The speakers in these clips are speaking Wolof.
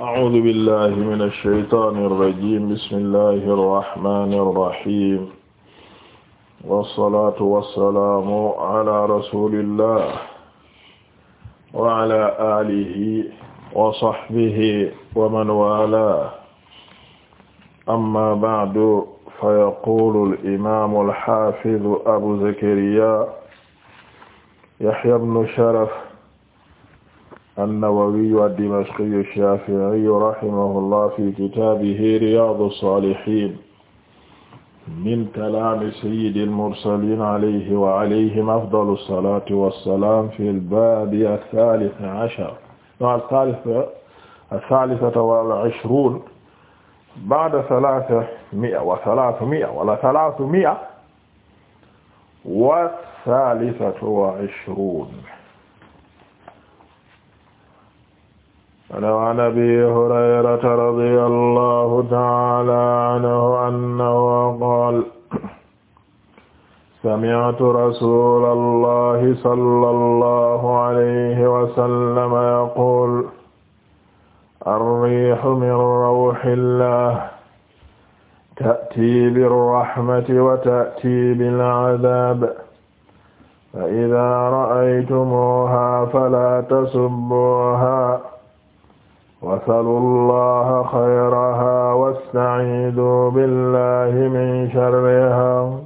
أعوذ بالله من الشيطان الرجيم بسم الله الرحمن الرحيم والصلاة والسلام على رسول الله وعلى آله وصحبه ومن والاه أما بعد فيقول الإمام الحافظ أبو زكريا يحيى بن شرف an-Nawawiyu ad-Dimashqiyu ash-Shafi'iyu rahimahullah fi kitaabihi Riyaadu as-Saalihiin min kalaami sayyidil mursaliin alayhi wa alayhim afdalu as-salaati was-salaam fil baabi as-saalis ashar as-saalisata wal ishruun ba'da salaasa mi'a wa salaasu mi'a wala salaasu mi'a wa saalisatu wa ishruun wa an abi hurayrata radiya allahu taala anhu annahu qaala sami'tu rasula allahi sallallahu alayhi wa sallam yaqul الريح من روح الله تأتي بالرحمة وتأتي بالعذاب فإذا رأيتموها فلا تسبوها wasalu allah xayraha wastacidu billahi min sharriha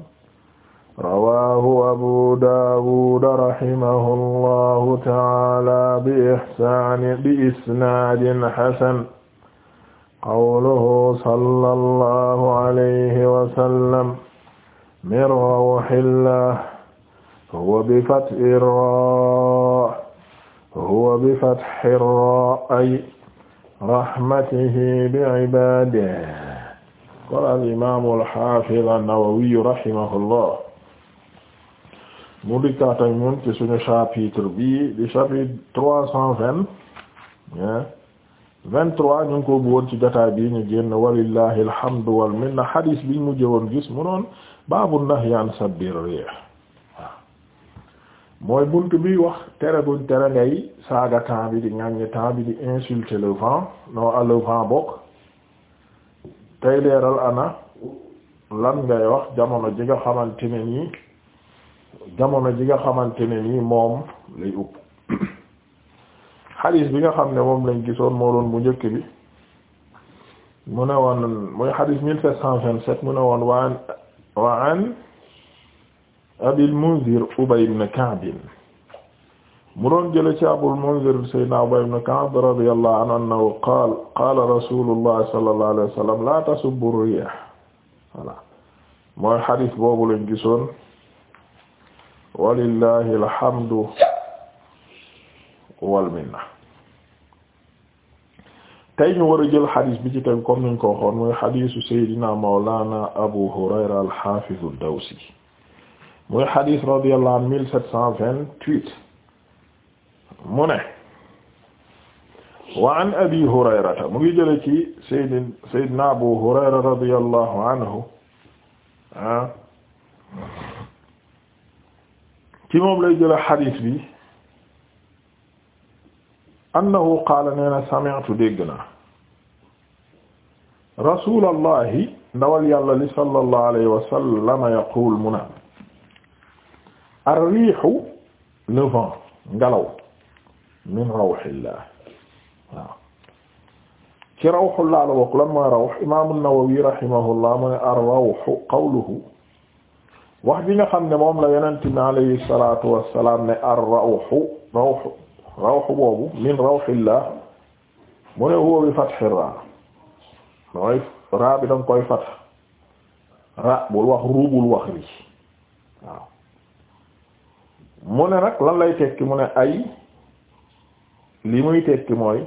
rawahu abu daawuda rahimahu allahu taala bi ixsaani bi isnaadin xasan qawluhu sallallahu alayhi wasallam min rawxillah huwa bi fatxi ra huwa bi fatxi ra ay rahmatihi bi'ibaadihi qaala al-imaamu al-haafiz an-Nawawi rahimahullah mu dikkaat ak ñun ci suñu chapitre bi di chapitre trois cent vingt vingt-trois ñu ngi ko woon ci jotaay bi ñu génn walillahi alhamdu wal minna hadiis bi mu mujj woon gis mu noon baabu nahyi an sabbi riih mooy bunt bi wax tere buñ tere ngay saaga temps bi di ŋàññi temps bi di insulter le vent non à le vent bokk tey leeral ana lan ngay wax jamono ji nga xamante nii jamono ji nga xamante ne nii moom lay upp xadis bi nga xam ne moom lañ gisoon moo doon bu njëkk bi mu ne woon mooy xadis mille sept cent vingt-sept mu ne woon waan waan Abil Munzir Ubay ibn Ka'b mu doon jële ci Abul Munzir Seydina Ubay ibn Ka'b radiyallahu anhu annahu qaala qaala Rasulullah sallallahu alayhi wa sallam la tasubbu ar-riih voilà mooy xadis boobu lañ gisoon walillahi alhamdu wal minna tey ñu war a jël xadis bi ci tegu comme niñ ko waxoon mooy xadisu Seydina Mawlana Abu Hurayra al-Hafiz ad-Dawsi muy xadis radiyallahu anhu mille sept cent vingt-huit mu ne wa an abi hurayrata mu ngi jële ci sayyid sayyidna abu hurayra radiyallahu anhu ah ci moom lay jële xadis bi annahu qaala nee na sami'tu dégg na rasulallahi ndawal yàlla li sallallahu alayhi wa sallam yaqul mu naan ar-riihu le vent ngelaw min rawhillah waaw ci rawxullaa la bokk lan mooy rawx imaamu Nawawi rahimahullah mu wax bi nga xam ne moom la yonent bi alayhi salaatu wassalaam ne ar-rawxu rawxu rawxu boobu min rawxillah mu ne huwa bi fathi ra ra bi danga koy fath ra bul wax ru mu ne nag lan lay tekki mu ne ay li muy tekki mooy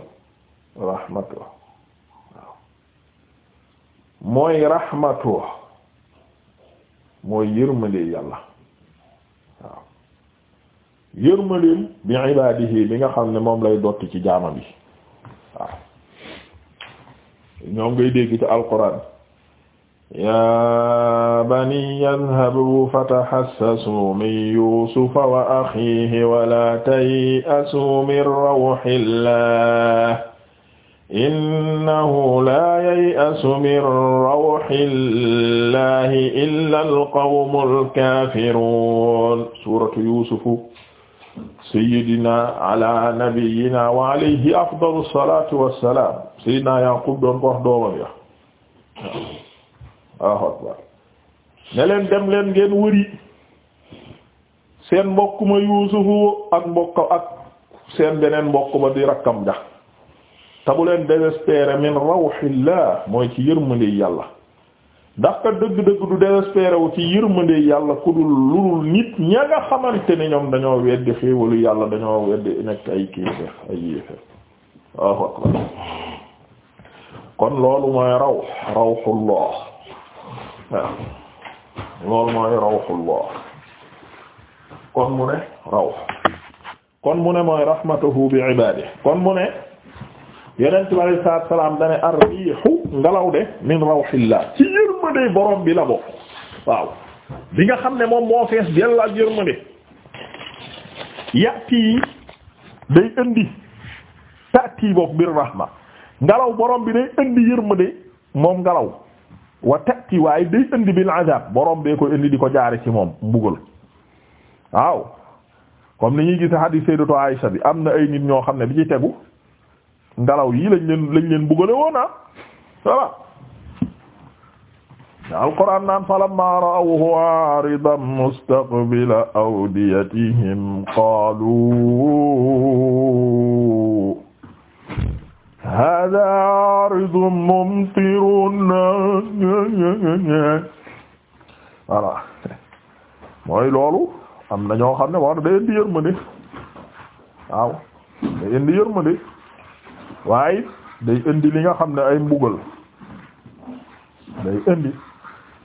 rahmatu waaw mooy rahmatu mooy yërmande yàlla waaw yërmandeem bi ibaadihi nga xam ne moom lay dotti ci jaama bi waaw ñoom ngay dégg ci alquran yaa baniya idhabuu fatahassasuu min yuusufa wa axiihi wala tay'asuu min rawhillaah innahu laa yay'asu min rawhillaahi illal qawmul kaafiruun. suuratu yuusufu sayyidinaa alaa nabiyyinaa wa alayhi afdalu salaatu wa salaam sayyidinaa Yaaqub doon ko wax doomam ya waaw ne leen dem leen ngeen wëri seen mbokk ma yuusufu ak mbokk ak seen beneen mbokk ba di rakkam ja te bu leen désespérer min rawxillah mooy ci yërmandey yàlla ndax ka dëgg-dëgg du désespérer wu ci yërmandey yàlla ku dul lulul nit ña nga xamante ne ñoom dañoo weddi xéewalu yàlla dañoo weddi nekk ay kiiféer ay yéeféer kon loolu mooy raw rawxullah waaw loolu mooy rawxullah kon mu ne raw kon mu ne mooy rahmatuhu bi ibaadihi kon mu ne yonent bi alayhi salaatu salaam dane ar ngelaw de min rawxillah ci yërmande borom bi la bokk waaw bi nga xam ne moom moo fees dell ak yërmande yati day indi tati boobu bir rahma ngelaw borom bi day indi yërmande moom ngelaw wa tati waaye day indi bil azab borom bee koy indi di ko jaare ci moom mbugal waaw comme ni ñuy gis hadith sayyidatu Aisha bi am na ay nit ñoo xam ne bi ci tegu ngelaw yi lañ leen lañ leen mbugale woon ah voilà da alquran naan falamma ra'awhu aaridan mustaqbila awdiyatihim qaalu hada aridun mumtirun voilà mooy loolu am na ñoo xam ne war day indi yërmande waaw day indi yërmande waaye day indi li nga xam ne ay mbugal day indi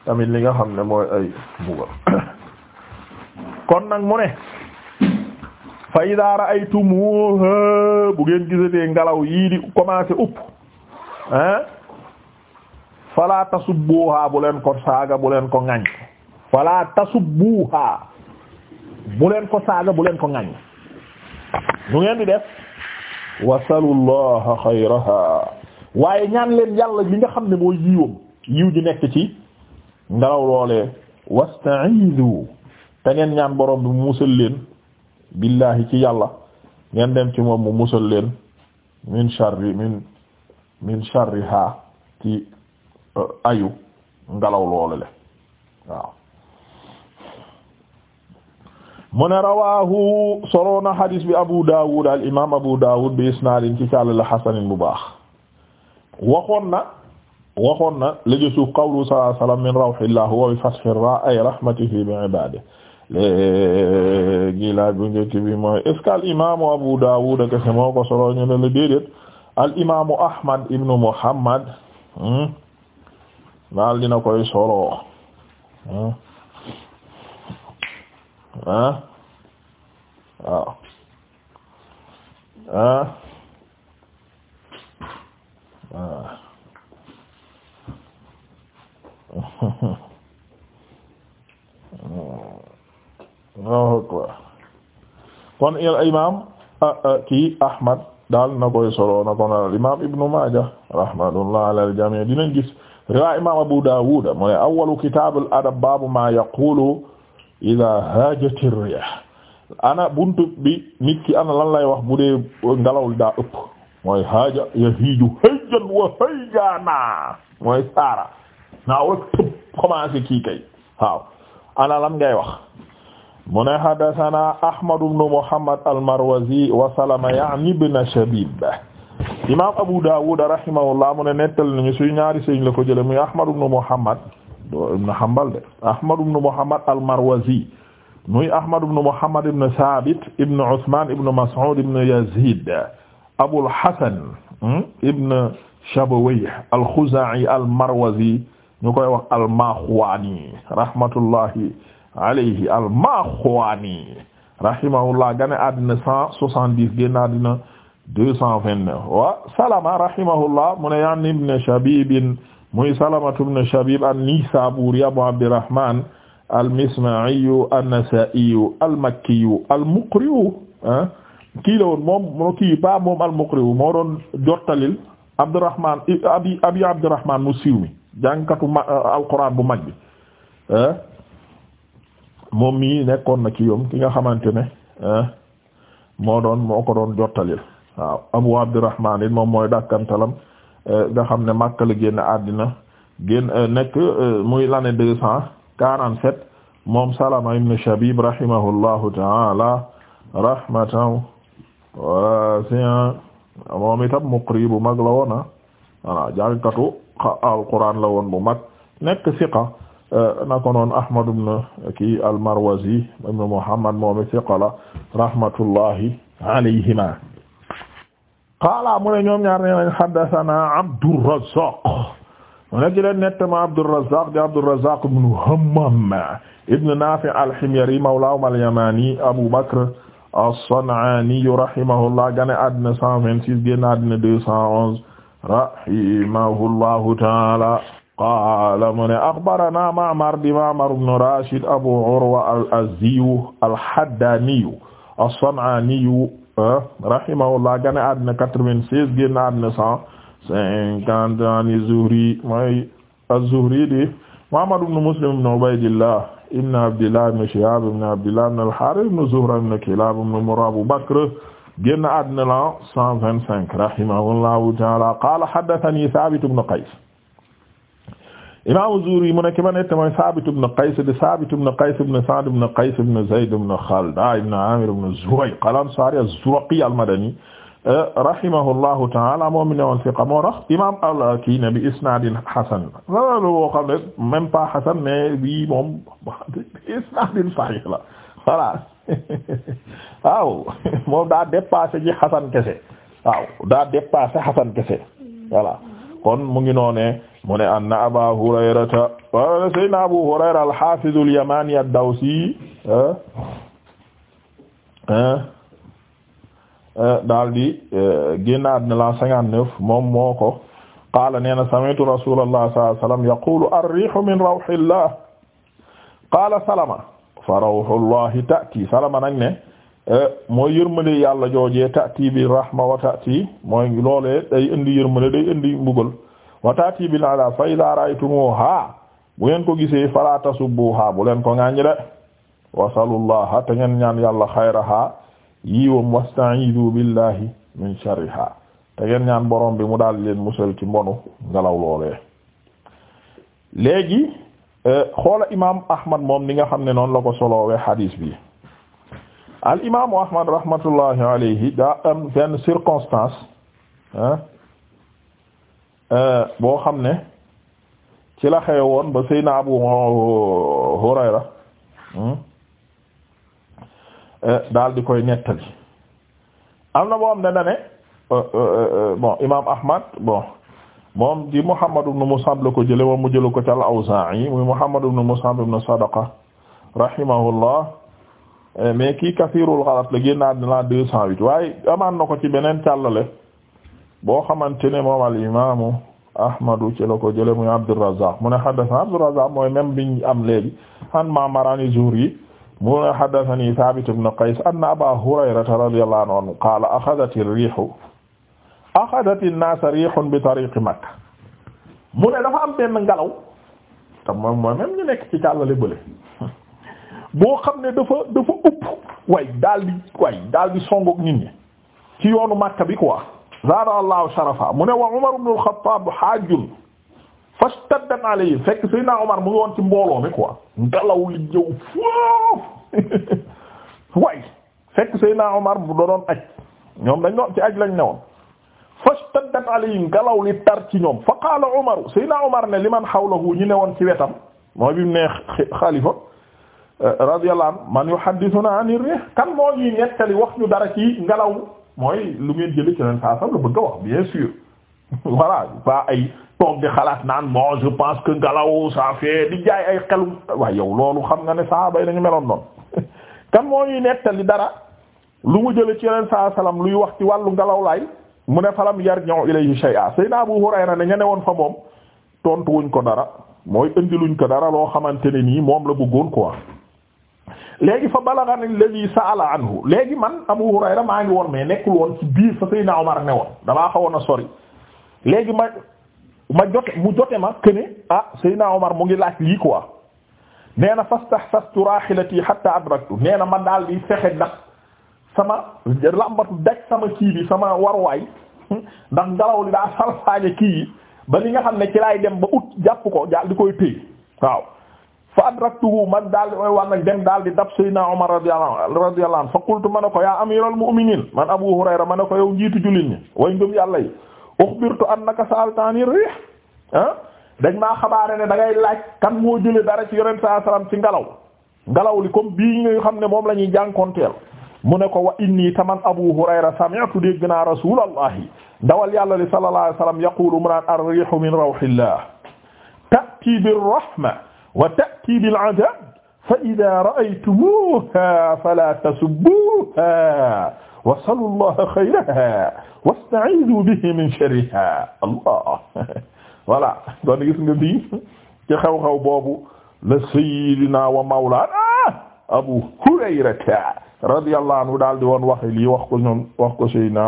tamit li nga xam ne mooy ay mbugal kon nag mu ne fa idaa ra'aytumuuha bu ngeen gisatee ngelaw yii di commencé upp ah fala tasubbuha bu leen ko saaga bu leen ko ŋañ fala tasubbuha bu leen ko saaga bu leen ko ŋañ nu ngeen di def wasalu llaha xayraha waaye ñaan leen yàlla li nga xam ne mooy yiwam yiw ji nekk ci ngelaw loolee wasta'idu te ngeen ñaan boroom bi mu musal leen billahi ci yàlla ngeen dem ci moom mu musal leen min sharri min min sharriha ci euh, ayu ngelaw loolu le waaw mu ne rawahu soloona hadis bi Abu Dawud al imam Abu Dawud bi isnaadin ci càllala xasanin bu baax wa na waxoon na léegi suuf qawlu sallallahu alayhi wa sallam min rawhillah wa bi fathir ra ay rahmatihi bi ibadihi léegi laaj bu njëkk bi mooy est-ce al imaamu Abu Dawud kese moo ko solo ñu ne al imaamu Ahmad ibnu Muhammad hmm, daal dina koy solo hmm, ah waaw ah waaw ah. kon al imaam kii Ahmad daal na koy solo na ko al imaam Ibnu Maaja rahmatullah ala al jamii dinañ gis riwaa imaam Abu Daawud mu ne awwalu adab baabu maa yaqulu idaa haajati riih ana buntu bi nit ana lan lay wax bu dee ngelaw daa ëpp mooy haaja yahiiju hayjan wa mooy saara naa wa tëb commencé kii ana lan ngay wax mu ne haddasanaa Ahmad ibn Muhammad al-Marwazi wa Salama Shabib imaam Abu Dawud rahimahullah mu ne nettali nañu suy ñaari sëñ la ko jëlee muy Ahmad ibn Muhammad doo ibn Hanbal de Ahmad ibn Muhammad al-Marwazi muy Ahmad ibn Muhammad ibn Sabit ibn Usman ibn Mas'ud ibn Yazid Abul Hasan hmm, ibn Shabawayh al-Khuza'i al-Marwazi ñu koy wax alayhi al-Makhoani rahimahullah gane àddina cent soixante-dix génn àddina deux cent vingt-neuf wa Salama rahimahullah mu ne yaan ibn Shabib muy Salamatu ibn Shabib an-Nisaburi Abu Abdirrahman al-Misma'i an-Nasa'i al-Makki al-Muqri kii la woon moom kii ba moom al-Muqri moo doon jottalil Abdurrahman abi abi Abdurrahman mu siiw mi jàngkatu ma alquran bu mag bi moom mii nekkoon na ci yoom ki nga xamante ne ah, moo doon moo ko doon jottalil waaw Abu Abdurrahman it moom mooy dàkkantalam eh, nga xam ne Makka la génn àddina génn eh, nekk eh, muy l'année deux cent quarante moom Salama ibn Shabib rahimahullahu ta'ala rahmatan wasi'a moom itam muqri bu mag la woona ah, voilà jàngkatu al Qur'an la woon bu mag nekk siqa Euh, nako noon Ahmad ibn kii al-Marwazi ibn Muhammad moom siqala rahmatullahi alayhima qaala mu ne ñoom ñaar nee nañ haddathana Abdurrazzaq mu ne ci leen nettama Abdurrazzaq di Abdurrazzaq ibn Hammam ibn Nafi' al-Himyari mawlahum al-Yamani Abu Bakr as-San'ani rahimahullah gane àddina 126 génn àddina 211 rahimahullahu ta'ala qaala mu ne axbarana Ma'mar di Ma'mar ibn Rashid Abu Urwa al-Azdiyu al-Haddaniyu as-San'aniyu ah, rahimahullah gane àddina 96 génn àddina 150 an az-Zuhri mooy az-Zuhri di Muhammad ibn Muslim ibn Ubaydillah ibn Abdillah ibn Shihab ibn Abdillah ibn al-Harith ibn Zuhra ibn Kilab ibn Murra Abu Bakr génn àddina 125 rahimahullahu ta'ala qaala haddathani Thabit ibn Qays imaamu Zuhri mu nekk ma nette mooy Saabit ibn Qays di Saabit ibn Qays ibn Sa'd ibn Qays ibn Zayd ibn Khaldaa ah, ibn Aamir ibn Zuwayq al-Ansaari az-Zuraqi al-Madani eh, rahimahullahu ta'aala moom mi ne woon siqa moo tax imaam al-kii ne bi isnaadin hasan loolu boo xam ne même pas hasan mais bii moom isnaadin sahih la voilà waaw moom daa dépassé ji hasan kese waaw daa dépassé hasan kese voilà kon mu ngi noonee mu ne anna aba hurayrata wa sayyidina abu hurayra al-hafiz al-yamani ad-dawsi eh, eh, eh, daal moom moo ko qaala nee na sami'tu rasulullah sallallahu alayhi min rawhillah qaala salama fa rawhullahi ta'ti salama nag ne mooy yërmande yàlla joojee ta'ti bi wa ta'ti mooy loolee day indi yërmande day indi mbugal wa taati bil fa idaa ra'aytumuha bu ngeen ko gisee fala tasubbuha bu leen ko ngaañ de wasalullaha te ngeen ñaan yàlla xayraha yiwam wasta'idu billahi min sharriha te ngeen ñaan borom bi mu daal leen musal ci mbonu ngelaw loolee léegi e, xoola imam ahmad moom ni nga xam ne noonu la ko solowee hadis bi al imaamu ahmad rahmatullahi alayhi daa am circonstance Euh, boo xam ne ci la xew woon ba Seydina Abu Hurayra hmm, euh, daal di koy nettali am na boo xam ne dane euh, bon imaam Ahmad bon moom di Muhammad ibn Mus'ab ko jële moom mu jëlu ko ci al-Awzaa'i muy Muhammad ibn Mus'ab ibn Sadaqa rahimahullah mais kii kasirul xalat la génnaat na deux cent huit waaye amaan na ko ci beneen càllale boo xamante ne moom al imaamu ahmadu ci ko jële muy Abdurrazzaq mu ne haddathana Abdurrazzaq mooy même biñ am léegi an Ma'mar an Zuhri mu ne haddathani Thabit ibn Qays anna Aba Hurayrata radiyallahu anhu qaala akhadhati ar-rihu akhadhati an-naasa rihun bi tariqi Makka mu ne dafa am benn ngelaw te mooy même ñu nekk ci càllale bële boo xam ne dafa dafa upp way daal di way daal di songook nit ñi ci yoonu Makka bi quoi zaada allahu sharafa mu ne wa Umar ibn al-Khattab haajjun fastaddat alayhi fekk Seydina Umar mu ngi woon ci mbooloo mi quoi ngelaw li ñëw foofu fekk Seydina Umar bu doon aj ñoom dañ doon ci aj lañ ne woon fastaddat alayhi ngelaw li tar ci ñoom fa qaala Umar Seydina Umar ne liman hawlahu ñu ne woon ci wetam mooy bi mu ne xalifa eh, radiyallahu anhu man yuhaddithuna an rih kan moo ñuy nettali wax ñu dara ci ngelaw. mooy lu ngeen jëlee ci leen saa sax la bëgg a wax bien sûr voilà ba ay toog di xalaat naan moo je pense que ngelaw ça fait di jaay ay xelu waaye yow loolu xam nga ne saaba yi dañu meloon noonu kan moo ñuy nettali dara lu mu jëlee ci leen saa salaam luy wax ci wàllu ngelaw mu ne falam yar ñëw ilayhi shay'a sayna Abu Hurayra ne ña ne woon fa moom tontu wuñ ko dara mooy indiluñ ko dara loo xamante ne nii moom la bëggoon quoi. léegi fa balagani alladhi sa'ala anhu léegi man Abu Hurayra maa ngi woon mais nekkul woon ci biir fa Seydina Omar ne woon damaa xawoon na sori léegi ma ma jote mu jote ma këne ah Seydina Omar mu ngi laaj lii quoi nee na fastahsastu rahilati hatta adraktu nee na ma daal di fexe ndax sama lambatu daj sama kii bi sama warwaay ndax ngelaw li daa salfaaje kii yi ba li nga xam ne ci laay dem ba ut jàpp ko daal di koy téye waaw. fa adraktuhu man daal di koy war nag dem daal di dab Seydina Omar radiyallahu anhu fa qultu ma ne ko yaa amiral mu'minin man Abu Hurayra ma ne ko yow njiitu jullit ñi way ngëm yàlla yi ukhbirtu annaka sa'altani rih ah dañ maa xabaare ne da ngay laaj kan moo jëlee dara ci yonent saa salaam ci ngelaw ngelaw li comme bii nga xam ne moom la ñuy jànkonteel mu ne ko wa inni taman Abu Hurayra sami'tu dégg naa rasulallahi dawal yàlla li sallallahu alayhi wasallam yaqulu mu naan ar-rihu min rawhillah ta'ti bir rahma wa ta'ti bil adab fa idha ra'aytumuha fala tasubbuha wasalu allaha xayraha wasta'iidu bihi min sharriha allah voilà kon gis nga bii ci xew-xew boobu la sayyidina wa mawlaana abu hurayrata radiyallahu anhu daal di woon wax lii wax ko ñoom wax ko sayyidina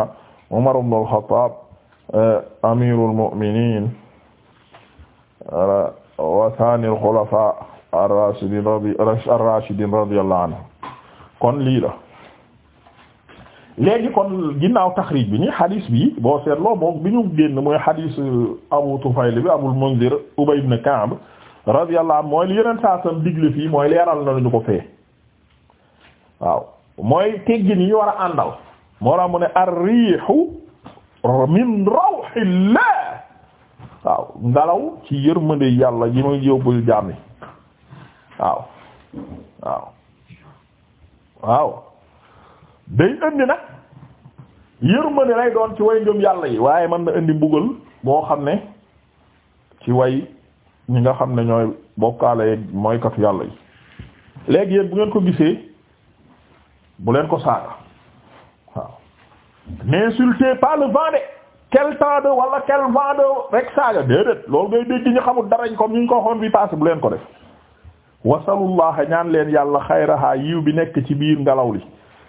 umar ibn al-khattab eh, amirul mu'minin wa thani al-khulafa ar-rashidin ar-rashidin radiyallahu anhu kon lii la léegi kon ginnaaw taxrij bi ni xadis bi boo seetloo boog bi ñu génn mooy xadis Abu Tufayl bi Abul Munzir Ubay ibn Ka'b radiyallahu anhu mooy li yeneen saasam digle mooy leeral na ñu ko fee waaw mooy teggin yi war a àndal moo la mu min rawhillah waaw ngelaw ci yërmande yàlla yi ma yóbbul jaam yi waaw waaw waaw day indi nag yërmande lay doon ci way ngëm yàlla yi waaye man na indi mbugal boo xam ne ci way ñi nga xam ne ñooy bokkaale mooy katu yàlla yi léegi yéen bu ngeen ko gisee bu leen ko saaga waaw n'insultez pas le vent de quel temps de wala quel vent de rek saaga déedéet loolu ngay dégg ñu xamul darañ comme ñu ko waxoon bi passé bu leen ko def wasalullaha ñaan leen yàlla xayraha yiw bi nekk ci biir ngelaw li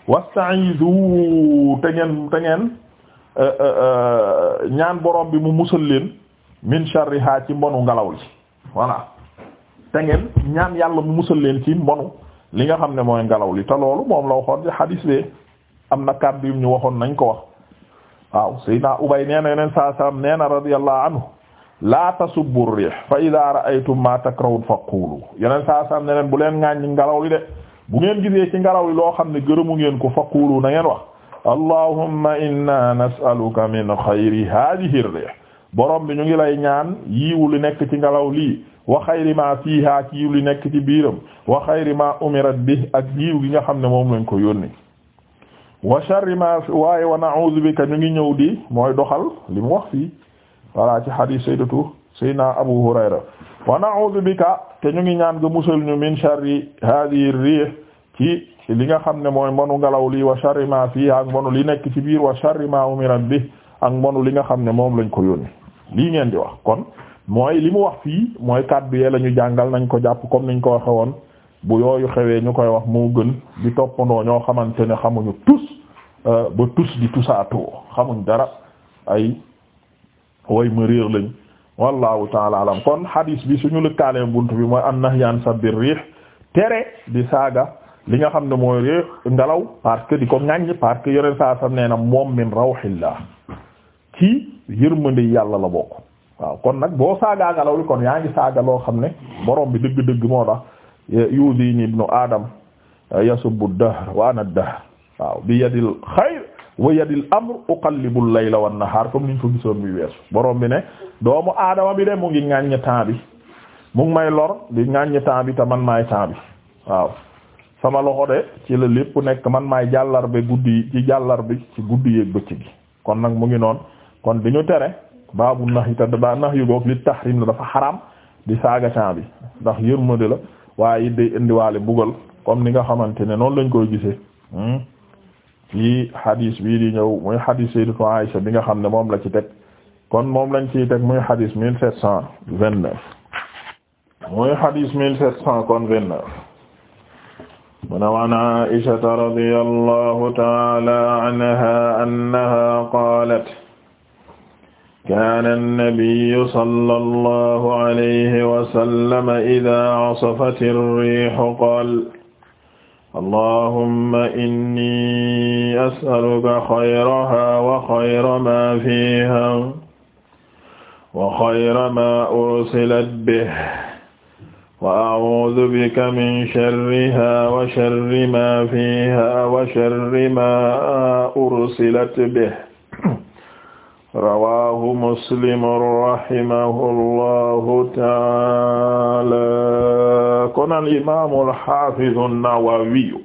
wasta'izu te ngeen te ngeen euh, euh, euh, ñaan borom bi mu musal leen min sharriha ci mbonu ngelaw li voilà te ngeen ñaan yàlla mu musal leen ci mbonu li nga xam ne mooy ngelaw li te loolu moom la waxoon ci hadis bi am na kàddu yu ñu waxoon nañ ko wax waaw sayyidina Ubay nee na yeneen saa salaam nee na radiyallahu anhu laa tasubbu rih fa idha ra'aytum ma takrahun faqulu yeneen saa salaam nee na bu leen ŋaññi ngelaw li de bu ngeen gisee ci ngelaw li loo xam ne gërëmu ngeen ko faqulu na ngeen wax allahumma inna nas'aluka min xayri hadhihi rih borom bi ñu ngi lay ñaan yiiwu li nekk ci ngelaw lii wa xayri ma fiha ci yiiw li nekk ci biiram wa xayri ma umirat bi ak yiiw gi nga xam ne moom lañ ko yónni wa sharri ma waaye wa na'udhu bika ñu ngi ñëw di mooy doxal li mu wax fii voilà ci hadith sayyidatu sayyidina Abu Hurayra wa na'udhu te ñu ngi ñaan nga musal ñu min sharri hadhihi rih ci li nga xam ne mooy mbonu ngelaw lii wa sharri ma fiha ak mbonu li nekk ci biir wa sharri ma umirat bi ak mbonu li nga xam ne moom lañ ko yónni lii ngeen di wax kon mooy li mu wax fii mooy kàddu yee la ñu jàngal nañ ko jàpp kom niñ ko waxe woon bu yooyu xewee ñu koy wax moo gën di toppandoo ñoo xamante ne xamuñu tus euh, ba tus di tusaatoo xamuñ dara ay way ma réer lañ wallahu taala alam kon hadis bi suñu lëkkaaleen bunt bi mooy an nahyan sabir riih tere di saaga li nga xam ne mooy réex ngelaw parce que di ko ŋàññ parce que yoneen saa sam nee na moom min rawxillah ci yërmande yàlla la bokk waaw kon nag boo saagaa ngelaw li kon yaa ngi saaga loo xam ne borom bi dëgg-dëgg moo tax yudini ibnu adam yasubbu dahr waa na dahr waaw bi yadil xayr wa yadil amr uqallibul layla wan nahaar comme niñ ko gisoon bi weesu borom bi ne doomu aadama bi de mu ngi ŋàññ temps bi mu ngi may lor di ŋàññ temps bi te man maay temps bi waaw sama loxo de ci la lépp nekk man maay jàllar be guddi yi ci jàllar bi ci guddi yeeg bëcc gi kon nag mu ngi noonu kon di ñu tere baabu nax yi te daa nax yu goog li tahrim la dafa xaram di saaga temps bi ndax yërmande la waaye it indiwaale bugal comme ni nga xamante ne noonu lañ koy gisee ci hmm? hadis bii di ñëw muy hadis Sayyidatu Aisha bi nga xam ne moom la ci teg kon moom lañ ciy teg muy hadis mille set cent vingt neuf muy hadis mille sept cent kon vingt neuf mu ne waan Aisha radiyallahu ta'ala anha annaha qalat kaan annabiyu sala allahu alayhi wasallama ida asafat irrixu qaal allahumma inni asaluka xayraha wa xayra maa fiiha wa xayra maa ursilat bih wa acuudu bika min sharriha wa sharri maa fiiha wa sharri maa ursilat bih rawaahu muslim rahimahullahu taala kon al imaamu alxaafizu nawawiyu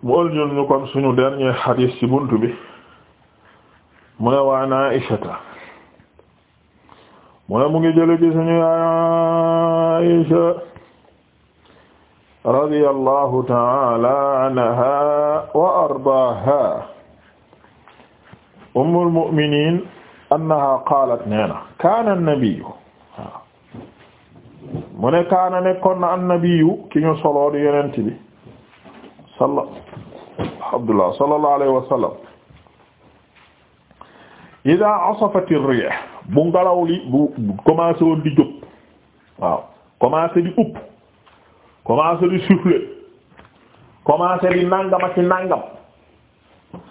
mool ñun ñu kon suñu dernier xadis ci buntu bi mu ne wa an Aysata mu ne mu ngi jële ci suñu Aysa radiyallahu taala anha wa ardaaha ummul mu'minin annaha qaalat nee na kaana nabiyu waaw mu ne kaana nekkoon na annabiyu ki ñu soloo di yonent bi sala abdullah sallallahu alayhi wa sallam ida asafati riih bu ngelaw li bu commencé woon di jóg waaw commencé di upp commencé di souffler commencé di nàngama ci nàngam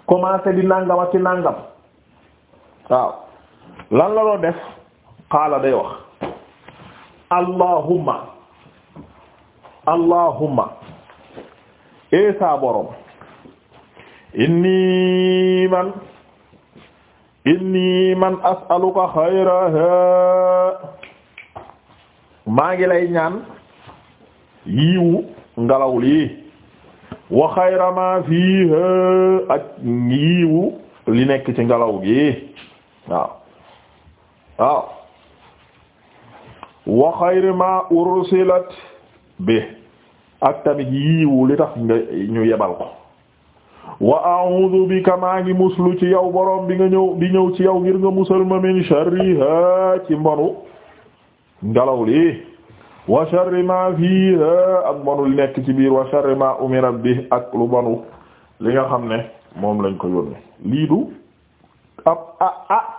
commencé di nàngama ci nàngam waaw lan la doon def xaala day wax allahumma allahumma ee eh, saa borom inni man inni man as'aluka xayraha maa ngi lay ñaan yiiwu ngelaw lii wa xayra ma fiha ak yiiwu li nekk ci ngelaw gi waaw waaw wa xayri bi ak tamit yiiwu li tax nga ñu yebal ko wa a'udhu bika maa ngi muslu ci yow borom bi nga ñëw di ñëw ci yow ngir nga musal ma min sharriha ci mbonu ngelaw li wa sharri ma fiha ak mbonu li nekk ci biir wa sharri ma umira bi ak lu mbonu li nga xam ne moom lañ ko yónni lii du ab a a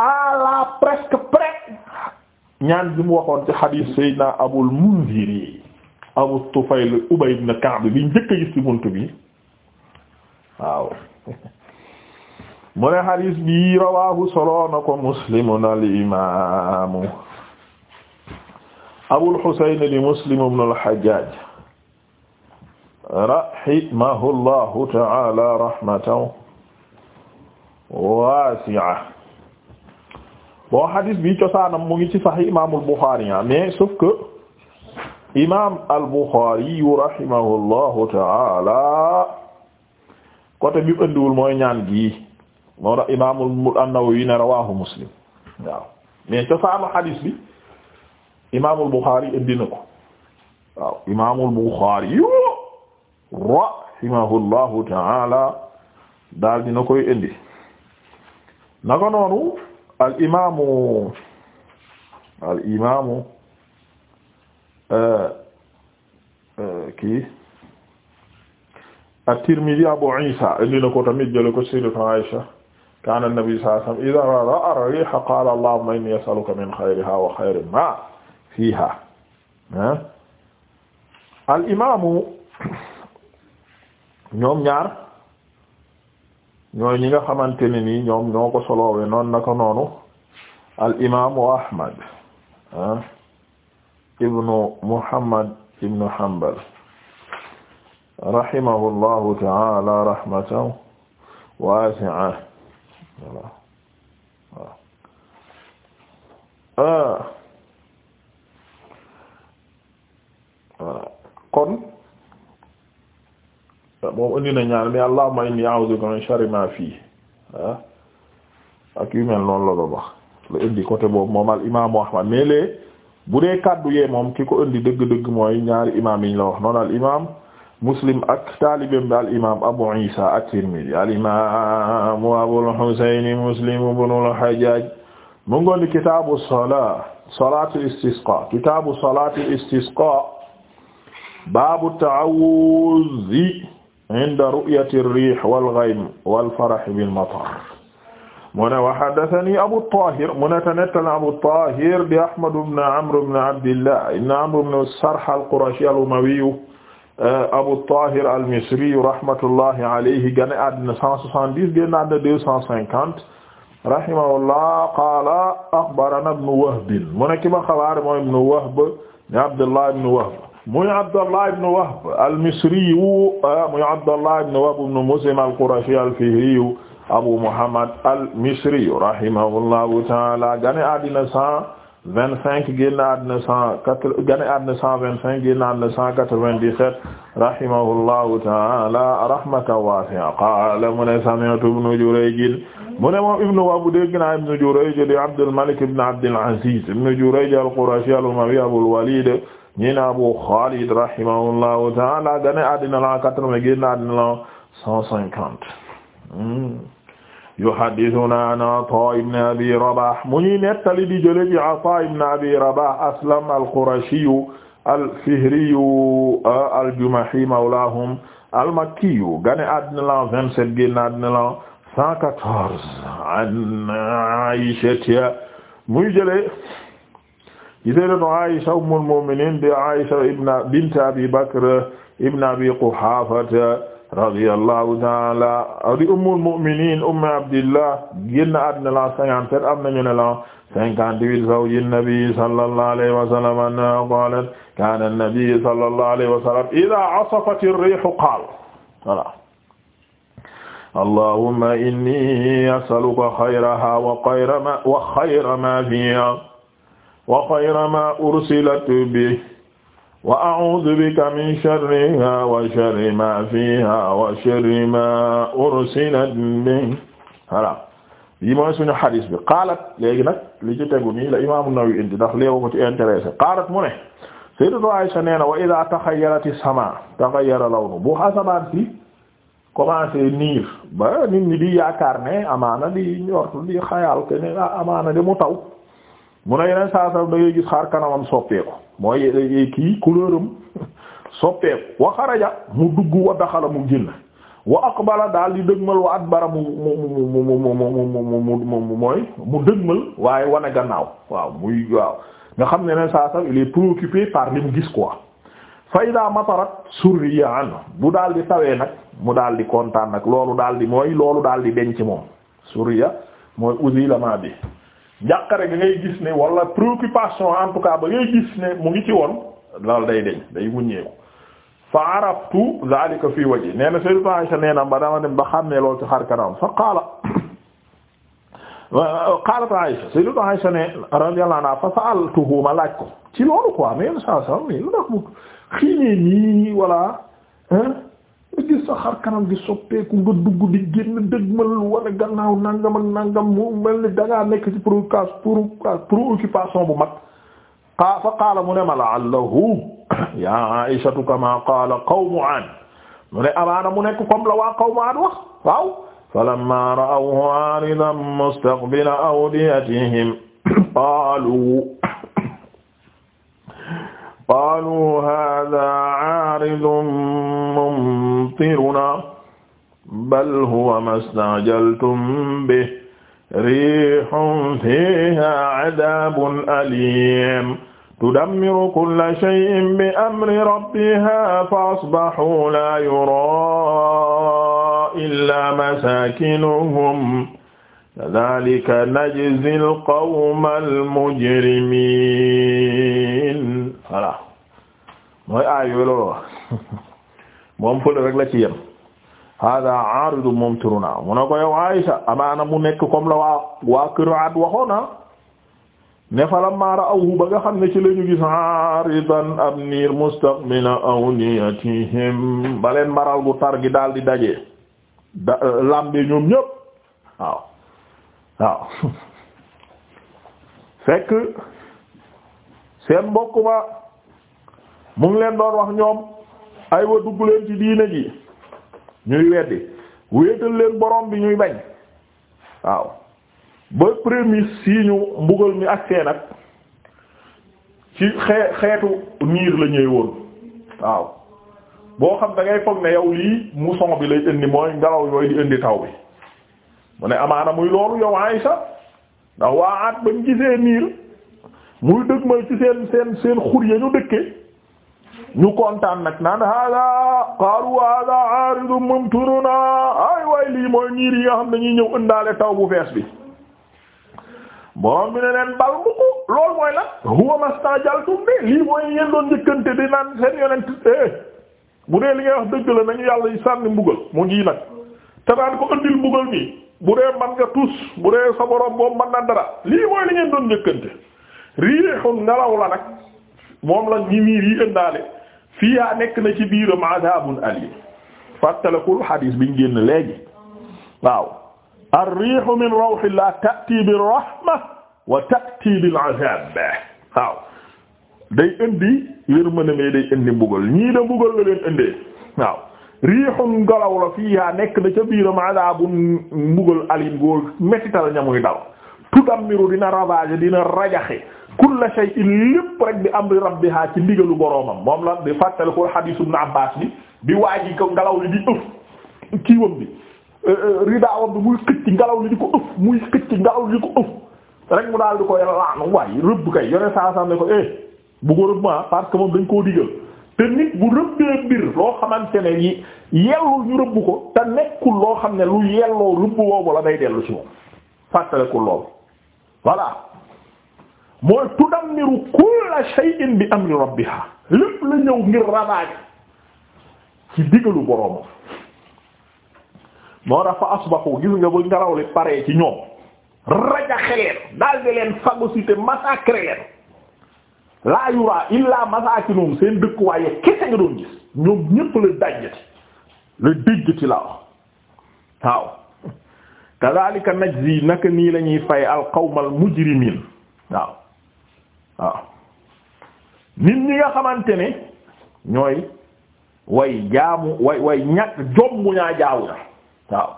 à la presque près ñaan bi mu waxoon ci xadiis Seydina Abul Munziri Abu Tufayl Ubay ibn Ka'b bi njëkk a gis ci bunt bi waaw mu ne xadiis bi rawaahu solo na ko Muslimun al imaamu Abul Husayn di Muslim ibn al Hajjaj rahimahullahu ta'ala rahmatan wasi'a bon hadis bi cosaanam mu ngi ci Sahih imaam al-Bukhari ah mais sauf que imaam al-Bukhari rahimahullahu ta'ala côté bi ëndiwul mooy ñaan gi moo imaam an-Nawawi ne rawahu Muslim waaw mais cosaanu hadis bi imaam al-Bukhari indi na ko waaw imaam al-Bukhari rahimahullahu ta'ala daal dina koy indi naka noonu. al imaamu al imaamu eh, eh, kii at-Tirmidhi Abu Isa indi na ko tamit jële ko sayyidatu Aisha kaana an-nabi sallallahu alayhi wa sallam idha ra'a ar-riha qaala allahumma inni as'aluka min khayriha wa khayri ma fiha eh? al imaamu ñoom ñaar ñooy ñi nga xamante ne nii ñoom ñoo ko soloowe noonu naka noonu al imaamu Ahmad ah ibnu Muhammad ibnu Hanbal rahimahullahu ta'ala rahmatan wasi'a voilà ah, moom indi na ñaan mais allahumma inni a'udhu bika min sharri fii ah? ak yu mel noonu la doon wax la indi côté boobu moom al imaamu ahmad mais bu dee kaddu yee moom ki ko indi dëgg-dëgg mooy ñaari imaam yi la wax noonu al imaam muslim ak taalibem bi al imaam abu isa at-tirmidhi al imaam abul husayn muslim ibn al hajjaj mu ngoon di kitaabu salaa salaatul istisqa kitaabu salaatul istisqa baabu ta'awuzi inda ru'yati ar-rih wal ghaym wal farah bil matar mu ne wa haddathani Abu Tahir mu ne te nettali Abu Tahir di Ahmad ibn Amr ibn Abdillah ibn Amr ibn Sarh al-Qurashi al-Umawi eh, Abu Tahir al-Misri rahmatullahi alayhi gane àddina 170 génn àddina 250 rahimahullah qaala akhbarana ibn Wahb mu ne ki ma xabaar mooy ibn Wahb Abdullah ibn Wahb muy Abdallah ibn Wahb al-Misri ah, muy Abdallah ibn Wahb ibn Muslim al-Qurashi al-Fihri Abu Muhammad al-Misri rahimahullahu ta'ala gane àddina cent vingt-cinq génn àddina cent quatre gane àddina cent vingt-cinq génn àddina cent quatre-vingt-dix-sept rahimahullahu ta'ala rahmatan wasi'a qala mu ne sami'tu Ibn Jurayj mu ne moom Ibn Wahb dégg naa Ibn Jurayj di Abdul Malik ibn Abdul Aziz ibn Jurayj al-Qurashi al-Umawi Abul Walid ñi na Abu Xaalid rahimahullahu ta'ala gane àddina la quatre-vingts génn àddina la cent cinquante yuhaddithuna an Ataa ibn Abi Rabah mu ñuy nettali di jële ci Ataa ibn Abi Rabah Aslam al-Qurashi al-Fihri al-Jumahi mawlahum al-Makki gane àddina la vingt-sept génn àddina la cent quatorze an Aisha muy jële di sayyidatu Aisha ummul mu'minin di Aisha bint Abi Bakr ibn Abi Quhafa radiyallahu ta'ala di ummul mu'minin ummu Abdillah génn àddina la cinquante-sept am nañu ne la cinquante-huit zawji nabi sallallahu alayhi wa sallam annaha qalat kana an-nabi sallallahu alayhi wa sallam idha 'asafat ar-rih qala voilà allahumma inni as'aluka khayraha wa khayra ma wa khayra ma fiha wa xayra ma ursilat bi wa a'uudu bika min sharriha wa sharri ma fiha wa sharri ma ursilat bi voilà yi mooy suñu xadis bi qaalat léegi nag li ci tegu nii la imaam an-Nawawi indi ndax léewu ko ci intéressé qaalat mu ne sayyidatu Aisha nee na wa idaa taxayyarati samaa taxayyara lawnu bu asamaan si commencé niir ba nit ñi di yaakaar ne amaana di ñortu di xayaal ke ne ah, amaana di mu taw mu ne yeneen saa saa da ngay gis xaar kanamam soppeeku mooy kii couleur am soppeeku wa xaraja mu dugg wa daxala mu génn wa aqbala daal di dëgmal wa adbara mu mu mu mu mu mu mu mooy mu dëgmal waaye wane gannaaw waaw muy waaw nga xam ne yeneen saa saa il est préoccupé par li mu gis quoi. fa ida matarat surriya an bu daal di tawee nag mu daal di kontaan nag loolu daal di mooy loolu daal di denc moom surriya mooy usila ma bi njàqare ga ngay gis ne wala préoccupation en tout cas ba ngay gis ne mu ngi ci woon loolu day deñ day wuññeeku fa araftu zalika fii waji nee na sayyidatu Aisha nee na ba dama dem ba xam ne loolu ci xar kanam fa qaala qalat Aisha sayyidatu Aisha ne radiyallahu anha fa sa'altuhu ma laaj ko ci loolu quoi mais saa saa mais lu tax mu xii nee nii wala nga gis a xar kanam gi soppeeku nga dugg di génn dëgmal wala gannaaw nangam ak nangam mu mel ni dangaa nekk ci préoccupation préoccupation bu mag fa qaala mu ne ma la'allahu ya Aïshatu kama qaala qawmu Aad mu ne amaana mu nekk comme la waa qawmu Aad wax waaw falamma ra'awhu aaridan awdiyatihim qaalu qaalu haadaa aaridun mumtirunaa bal huwa mastaajaltum bihi riihun fiihaa cadaabun aliim tudammiru kulla shay'in bi amri rabbihaa fa asbaxuu laa yuraa illaa masaakinuhum kadaalika najzil qawmal mujrimiin voilà mooy aay yooyu loolu wax moom fële rek ci yem hada aaridum mumtiruna mu ne ko yow Aisha amaana mu nekk comme la waa waa këru at waxoona ah. ne falam maara awhu ba nga xam ne ci lañu gis aaridan ab niir mustaqbila awniyatihim baleen maral gu gi daal di daje da euh, làmbee ñoom ñëpp waaw fekk seen mbokk ba mu ngi leen doon wax ñoom ay wa dugg leen ci diine ji ñuy weddi wéetal leen boroom bi ñuy bañ waaw ba prémisse si ñu mbugal mi agsee nag ci xee xeetu niir la ñuy woon waaw boo xam dangay ngay foog ne yow lii mousson bi lay indi mooy ngelaw yooyu di indi taw bi mu ne amaana muy loolu yow Aysa ndax waa at bañ gisee niir muy dëgg mooy ci seen seen seen xur ya ñu dëkke ñu kontaan nag naan hada qaalu hada aaridum mumturuna ay waay lii mooy niir yi nga xam ne ñuy ñëw ëndaale taw bu fees bi borom bi ne leen bal mukk loolu mooy lan huwa mastajaltum bi lii mooy ngeen doon njëkkante di naan seen yonent eh, bu dee li ngay wax dëgg la nañu yàlla sànni mbugal mu ngi nag te daan ko ëndil mbugal mi bu dee man tus bu dee sa borom boobu man dara lii mooy li ngeen doon njëkkante riixun ngelaw la nag moom la ñi niir yi ëndaale fiihaa nekk na ci biiram adabun alim fàttalakul hadis biñ génn léegi waaw ar-riihu min rawhillah tati bi wa tati bil day indi yërmande mais day indi mbugal ñii da mbugal la leen indee waaw riihun ngelaw nekk na ca biiram adabun mbugal alim goo métital ñamuy dal tudammiru dina ravager dina rajaxe kulla shay'in lépp rek bi amri rabbiha ci ndigalu boroomam moom la di fàttalikul hadiisu Ibn Abbaas bi bi waa ji ko ngelaw li di ëff kiiwam bi euh, euh, ridaawam bi muy xëcc ngelaw li di ko ëff muy xëcc ngelaw li di ko ëff rek mu daal di ko laanu waay rëbb kay yore saa saa ne ko eh bu ko rëbb ma parce que moom dañ koo digal te nit bu rëbbee mbir loo xamante ne yi yellul ñu rëbb ko te nekkul loo xam ne lu yelloo rëbb boobu la day dellu si moom fàttalikul lool voilà. mooy tudammiru kulla shay'in bi amri rabbiha lépp la ñëw ngir ravage ci digalu boroomam moo dafa asbaxu gis nga bu ngelaw li paree ci ñoom rajaxe leen daal di leen phagocyté massacré leen laa yuraa illaa masaakinuhum seen dëkkuwaay ya kese nga doon gis ñoom ñépp la dajjati la dijjati la wax waaw kadhalika najzi naka nii lañuy fay al qawmal waaw waaw nit ñi nga xamante ne ñooy way jaamu way way ñàkk jom bu ñaa jaawu na waaw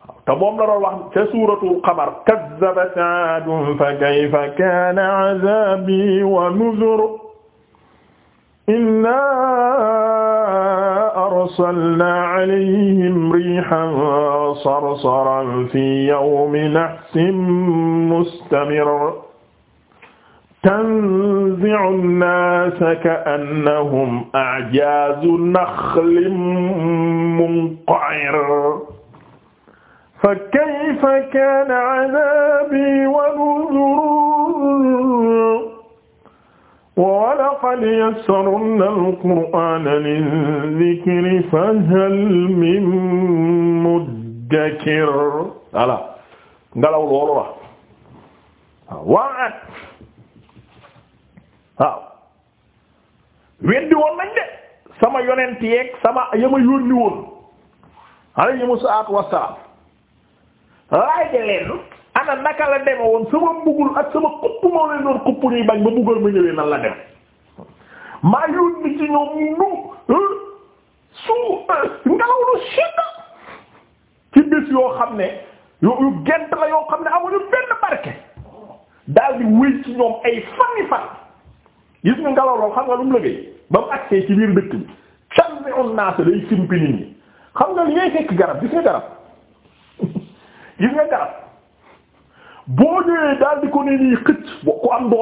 waaw te moom la doon wax ca suuratul qamar kazzaba saadun fa kayfa kaana azabi wa nuzur inna arsalna alayhim rihan sarsaran fi yawmi nahsin mustamir tanzi'u an-naasa ka'annahum a'jaazu naxlin munqa'ir fa kayfa kaana 'adhaabii wa nuzur wa laqad yassarna al-qur'aana lizikri fahal min muddakir voilà ngelaw loolu la waaw waaw weddi woon nañ de sama yonent yeeg sama yama yónni woon alayhimu salaatu wassalaam laaj leen ana naka la deme woon sama mbugul ak sama xupp moo leen doon xupp ñuy bañ ba buggal ma ñëwee nan la dem maa yónni ci ñoom nu su ngelaw lu ci bés yoo xam ne yo yu gent la yoo xam ne amuñu benn barke daal di ci ñoom ay fani fan gis nga ngelaw lool xam nga lu mu liggéey ba mu agsee ci biir dëkk bi sànni on naasa day simpi nit ñi xam nga li ngay fekk garab gis nga garab gis nga garab boo ñëwee ko ne nii xëcc boo ko am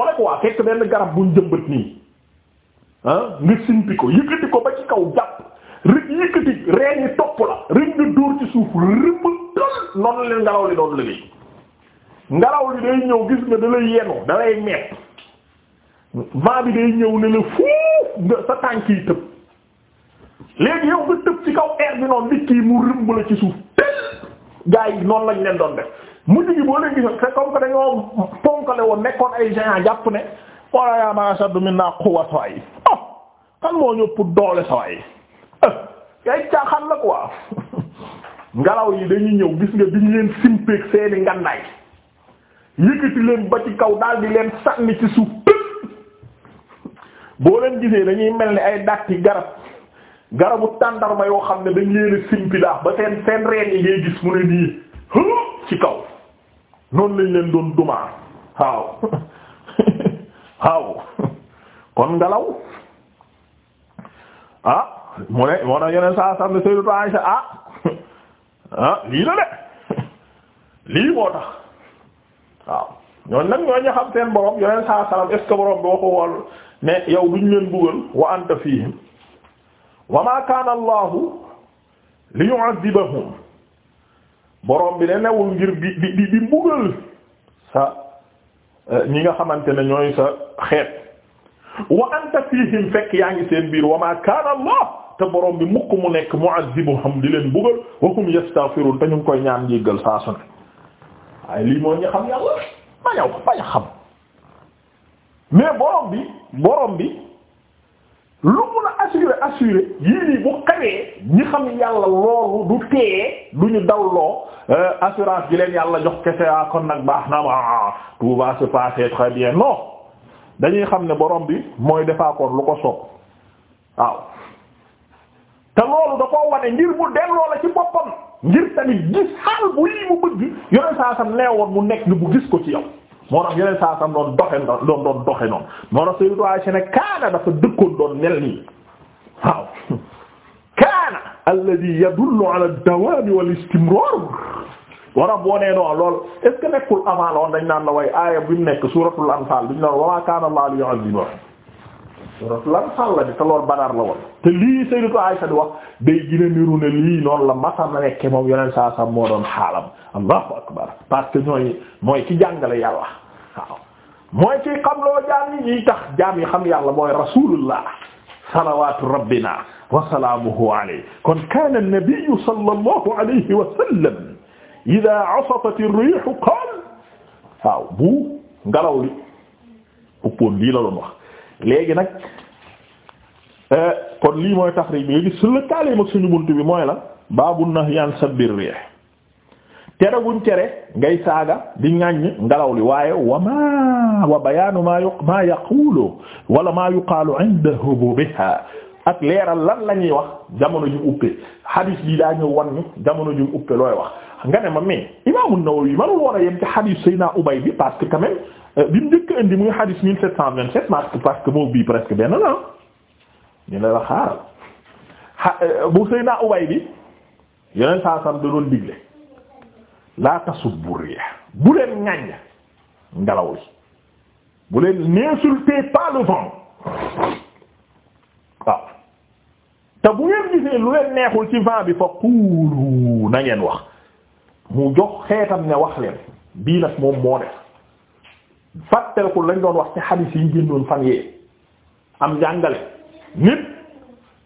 ah, nga simpi ko yëkkati ko ba ci kaw jàpp rek yëkkati reen topp la rek nga ci suuf rëbb noonu leen ngelaw li doon liggéey ngelaw li day ñëw gis nga da lay yenu meet maa bi day ñëw ne la fuuf sa tànk tëb léegi yow nga tëb ci kaw air bi noonu nit ki mu rëmb la ci suuf tël yi noonu lañ leen doon def mujj gi boo leen gisoon c'est comme que dañoo ponkale woon nekkoon ay géant jàpp ne walla yaa mu ashaddu minna quwwa saway oh kan moo ñëpp doole saway eh, yaay caaxaan la quoi ngelaw yi dañuy ñëw gis nga diñ leen simpeek seeni ngandaay yëkkati leen ba ci kaw daal di leen sànni ci suuf boo leen gisee dañuy mel ni ay dàkki garab garabu tàndarma yoo xam ne dañ leen a simpi daax ba seen seen reen yi ngay gis mu ne nii ci kaw noonu lañ leen doon dumaa waaw waaw kon ngelaw ah mu ne moo tax yeneen saa sam ne ah, ah, moo tax waaw ñooñu nag ñoo ñu xam seen borom yeneen saa salaam est ce que borom bi ne yow duñ leen buggal wa anta fihim wa ma kaana allahu li yu'adhibahum borom bi ne newul ngir di di sa eh, ñi nga xamante ne ñooy sa xeet wa anta fihim fekk yaa ngi seen biir wa ma kaana allah te borom bi mukk mu nekk mu'adhibuhum di leen buggal wa hum yastaghfirun te ñu ngi koy ñaan jéggal saa su ne waaye lii moo ñu xam yàlla bañaw bañ xam mais borom bi borom bi lu mun a assuré assuré yii nii bu xawee ñi xam yàlla loolu du tee du ñu dawloo euh, assurance bi leen yàlla jox kese ah kon baax na ma tout va se très bien non dañuy xam ne borom bi mooy defaakoon lu ko soob waaw te loolu da wane ngir mu delloo la ci boppam ngir tamit gis xaal bu yii mu bëgg yore saa sam neewoon mu nekk ni bu gis ko ci yow. moo tax yeneen saa sam doon doxe doon doon doxe noonu moo kaana dafa dëkkoon doon mel nii kaana alladhi yadullu ala ad-dawam wal istimrar boo nee noonu lool est naan way aaya bi mu nekk suuratul anfaal duñ la wa maa kaana Allahu yu'adhibuhum suuratul anfaal Badar la woon lii Sayyidatu Aisha di wax day gën a niru ne lii noonu la masam nekke moom yeneen saa sam doon xaalam allahu akbar parce que mooy ki jàngale yàlla mooy ci xamloo jaam yi tax jaam yi xam yàlla mooy rasulullah salawatu rabbina wa salaamuhu alayhi kon kaana an-nabiyyu sallallahu alayhi wa sallam idaa asafat ar-riih qaala waaw bu ngelaw li uppoon lii la doon wax léegi nag eh, kon lii mooy taxriij bi léegi su lëkkaale mag suñu bunt bi mooy la baabu nahyi an sabbi ar-riih terewuñ tere ngay saaga di ŋàññ ngelaw li waaye wa ma wa bayaanu maa yu maa yaqulu wala maa yuqaalu inda hububiha ak leeral lan la ñuy wax jamono ju uppee hadith bi daa ñëw wan ñu jamono ju uppee looy wax nga ne ma mais imaamu Nawawi manul war a yem ci hadith Seyna Ubay bi parce que quand même euh, bi mu njëkk indi muy hadith 1727 parce que parce que moo bii presque benn la ñu ne la xaaral euh, bu Seyna Ubay bi yeneen saa sam da doon digle. laa tasubbu riih bu leen ŋaññ ngelaw li bu leen n'insultez pas le vent waaw te bu ngeen gisee lu leen neexul ci vent bi fa quulu na ngeen wax mu jox xeetam ne wax leen bii nag moom moo def fàttel ko lañ doon wax ci xadiis yi ñu génnoon fan yee am jàngale nit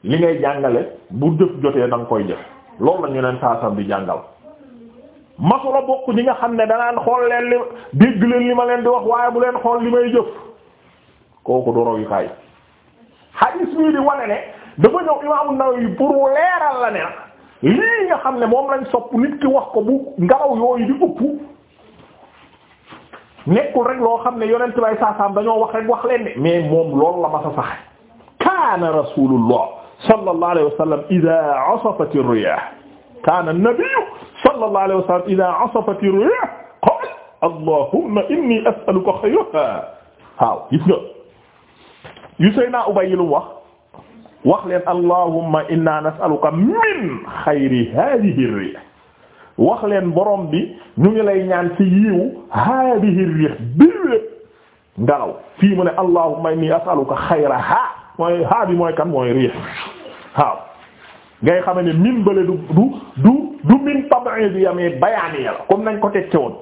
li ngay jàngale bu jëf jotee da nga koy jëf loolu la ñu leen saasam di jàngal masula bokk ñi nga xam ne danaan xool leen li dégg leen li ma leen di wax waaye bu leen xool li may jëf kooku du xadiis bii di wane ne dafa ñëw Imaam an ne nga xam ne moom lañ sopp nit ki wax ko bu ngelaw yooyu di ëpp nekkul rek loo xam ne yonent bay saasaam dañoo wax rek wax leen ne mais moom loolu la ma sa saxe kaana rasulullah sallallahu alayhi ida asafat ar kaana an sallallahu alayhi wa sallam ida asafati rih qaal allahumma inni as'aluka xayraha waaw gis nga yu Seydina Ubay yi lu wax wax leen allahumma inna nas'aluka min xayri hadihi rih wax leen borom bi ñu ngi lay ñaan ci yiiw hadihi rih biwé ngelaw fii mu ne allahumma inni as'aluka xayraha mooy haa bi mooy kan mooy rih waaw ngay xamane min bële du du du du min tab'idiyya mais bayaaniyya la comme nañ ko tekke woon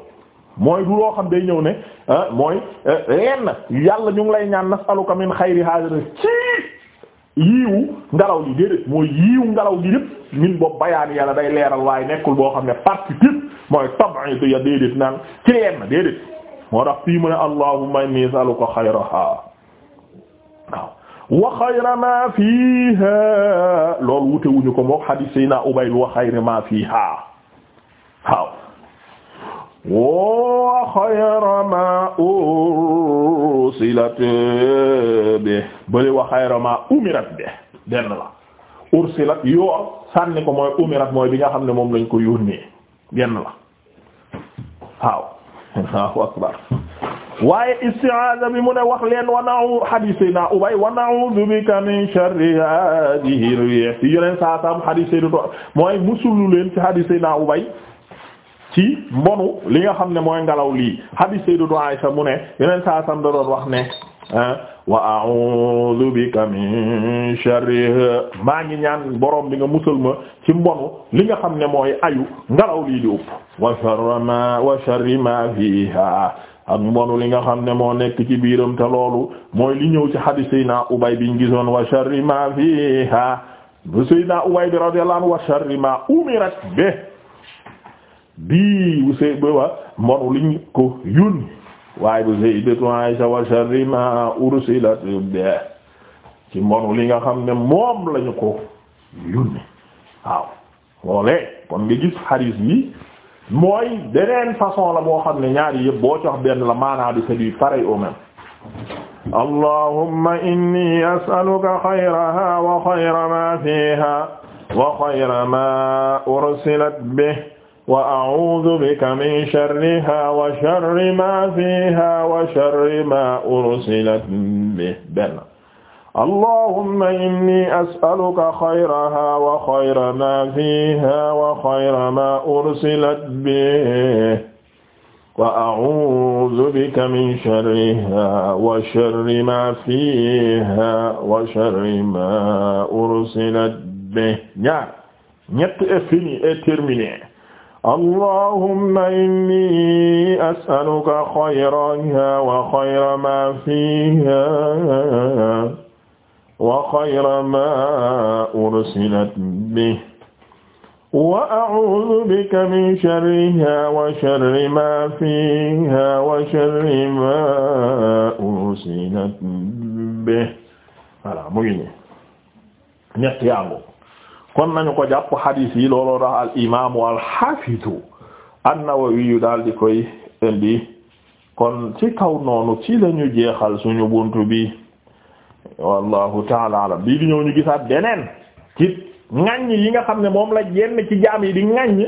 mooy du loo xam day ñëw ne ah, mooy eh, lenn yàlla ñu ngi lay ñaan nasaluka min xayri hadha ci yiiwu ngelaw li déedéet mooy yiiwu ngelaw gi yépp min boobu bayaani yàlla day leeral waaye nekkul boo xam ne partie tip mooy tab'idiyya déedéet naan ci lenn déedéet moo tax fii mu ne allahumma inni as'aluka xayraha waaw wa xayra ma loolu wute ko mook xadiis yi naa ubay bi wa xayra ma fiha waaw wa ursilat bi bale wa xayra umirat bi benn la ursilat yoo sànni ko mooy umirat mooy bi nga xam ne moom lañ ko yónnee benn la waaw waaw akbar waaye isti'aza bi mu ne wax leen wa na'u hadis sayna ubay wa na'udhu bika min sharri hadihi rih yi yoneen saa sam hadis sayna mooy musulu leen ci hadis naa ubay ci mbonu li nga xam ne mooy ngelaw lii hadis sayna Aisha mu ne yoneen saa sam da doon wax ne wa a'udhu bika min sharriha maa ngi ñaan borom bi nga musal ma ci mbonu li nga xam ne mooy ayu ngelaw lii di ëpp wa sharri ma wa sharri ak mbonu li nga xam ne moo nekk ci biiram te loolu mooy li ñëw ci hadith sayna ubay biñ gisoon wa sharri ma fiha bu sayna ubay bi radiyallahu anhu wa sharri ma umirat be bii bu mbonu liñ ko yun waaye bu sayyidatu Aisha wa sharri ma ursilat be ci mbonu li nga xam ne moom lañu ko yónni waaw loolee kon nga gis xaris mooy beneen façon la boo xam ne ñaar yëpp boo ci wax la maanaa bi c'est du pareil au même allahumma inni as'aluka xayraha wa xayra ma fiha wa xayra ma ursilat bihi wa a'uudu bika min sharriha wa sharri ma fiha wa sharri ma ursilat bihi benn allahumma inni as'aluka xayraha wa xayra ma fiha wa xayra ma ursilat bihi wa a'uudu bika min sharriha wa sharri ma fiha wa sharri ma ursilat bihi ñaar ñett est fini et terminé allahumma inni as'aluka xayraha wa xayra ma fiha wa xayra ma ursilat bihi wa a'uudu bika min sharriha wa sharri ma fiha wa sharri ma ursilat bihi voilà mu ngi ñett yaa ngi kon nañu ko jàpp hadith yi looloo tax al imaamu al xaafidu an-Nawawi yu daal di koy bi kon ci kaw noonu ci lañu jeexal suñu buntu bi wallahu taala alam bii di ñëw ñu gisaat beneen ci ŋaññ yi nga xam ne moom la yenn ci jaam yi di ŋaññ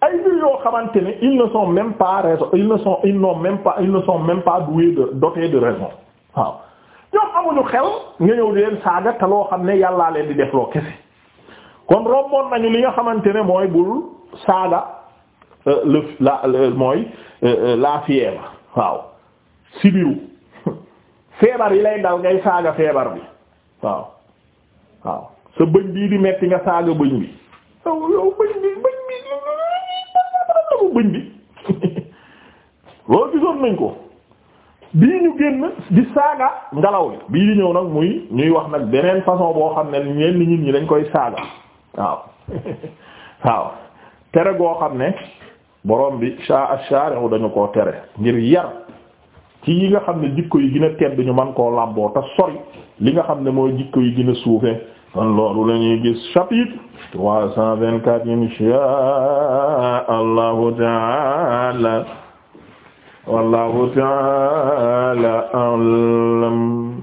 ay mbir yoo xamante ni ils ne sont même pas raison ils ne sont ils n'ont même pas ils ne sont xel nga ñëw leen saaga te loo xam ne yàllaa leen di def loo kese kon romboon nañu li nga xamante ne mooy bul saaga euh, le la mooy euh, euh, la fièvre waaw sibiru feebar yi lay ndaw ngay saaga feebar bi waaw waaw sa bëñ bii di metti nga saaga bëñ bi yow yow bëñ nañ ko bii ñu génn di saaga ngelaw li bii di ñëw nag muy ñuy wax nag beneen façon boo xam ne ñenn nit ñi dañ koy saaga waaw waaw tere goo xam ne borom bi sha ash-shari'u dañu koo tere ngir yar ci yi nga xam ne jikko yi gën a tedd ñu man koo làmboo te sori li nga xam ne mooy jikko yi gën suufe kon loolu lañuy ñuy gis chapitre trois cent vingt-quatre insha allahu taala wallahu taala alam